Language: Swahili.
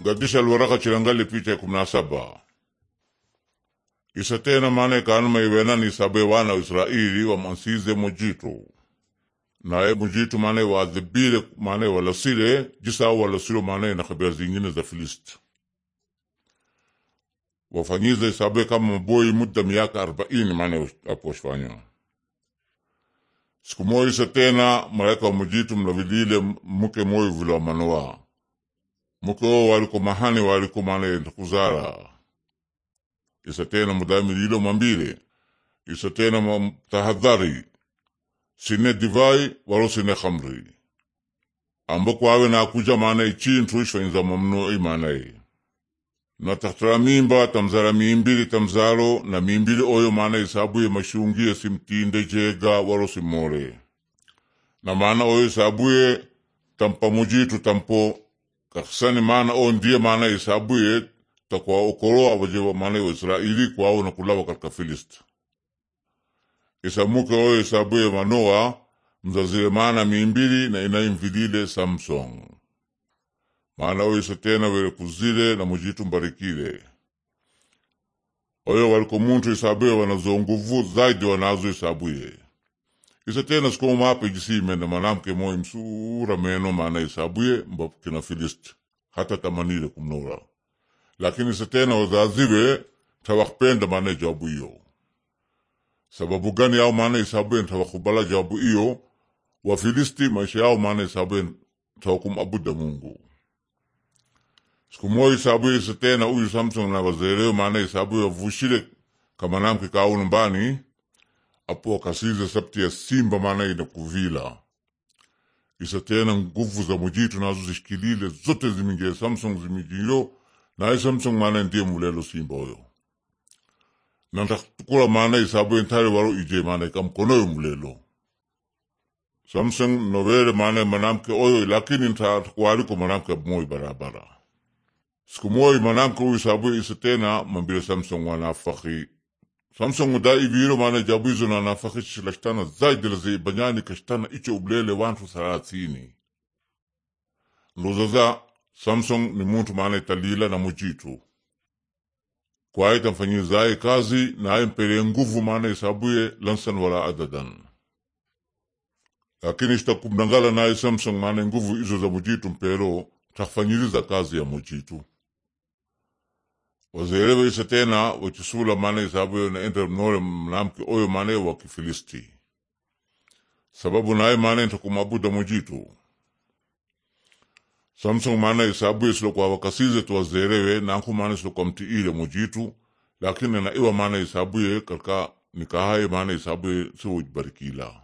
gadisha lwaraka chilangale picha ya kumi na saba isa tena maana ikaanuma iwenani isabe wana wa israili wamwansize mujitu naye mujitu maana waadhibile maana walasile jisa walasilo maana na kabila zingine za filisti wafanyize isabe kama maboi muda miaka arobaini maana apowashifanya siku moja isa tena malaika wa mujitu mlavilile mke moyo vila wa muko walikomahane walikomale ntakuzala isa tena mudami lilo mambile isa tena tahadhari sine divai walo sine khamri ambo akuja nakuja ichi ichintu inza mamnui maanaye na tahtara mimba tamzara mimbili tamzalo na mimbili oyo maana isabuye mashungie simtinde jega walo simore na mana oyo isabuye tampamujitu tampo kakisani maana o ndiye maana hesabu ye takuwaokoloa waje maana waisraeli kuwao na kulawa katika filisti isamuke oyo isabuye manoa mzazile maana mimbili na inaimvilile samson maana oise tena werekuzile na mujitu mbarikile oyo waliko muntu isabuye wanazo nguvu zaidi wanazo isabuye Isa tena sko mape gisi mena manamke moy msura meno maana isabuye mbapo kina Filisti hata tamanile kumnora. Lakini isa tena wazaziwe tawakpenda maana jawabu iyo. Sababu gani yao maana isabuye tawakubala jawabu iyo wa Filisti maisha yao maana isabuye tawakumabuda Mungu. Siku moja isabuye isa tena uyu Samson na wazereo maana isabuye wavushile kamanamke kaulumbani apo akasiza sabti ya simba maana kuvila isa tena nguvu za mujitu nazo zishikilile zote zimingie samsung zimijilo naye samsung maana ndiye mulelo simba oyo nandatukula maana isabu entare waro ije maana ikamkonoyo mulelo samsung novele maana manamke oyo lakini ntakuwaliko manamke moi barabara siku moi manamke uisabu isa tena mambile samsung wanafaki Samsung da iviro mane jabu hizo na nafaka shilashitana zaidi lazibanyani kashtana icho ubulele wantu thalathini nduzaza Samsung ni muntu mane talila na mujitu kwaye tamfanyia zaye kazi naye mpeleye nguvu mane isabuye lansan wala adadan lakini shitakumdangala naye Samsung mane nguvu izo za mujitu mpero takfanyiriza kazi ya mujitu wazaelewaisha tena wachisula mane isabuyo naenda nore mnamke oyo mane wa Kifilisti sababu naye mane enta kumabuda mujitu Samson mane ye silokwa wakasize tuwazeelewe nanku mane silokwa mtiile mujitu lakini na iwa mane isabuye karka nikahaye mane isabuye siwojibarikila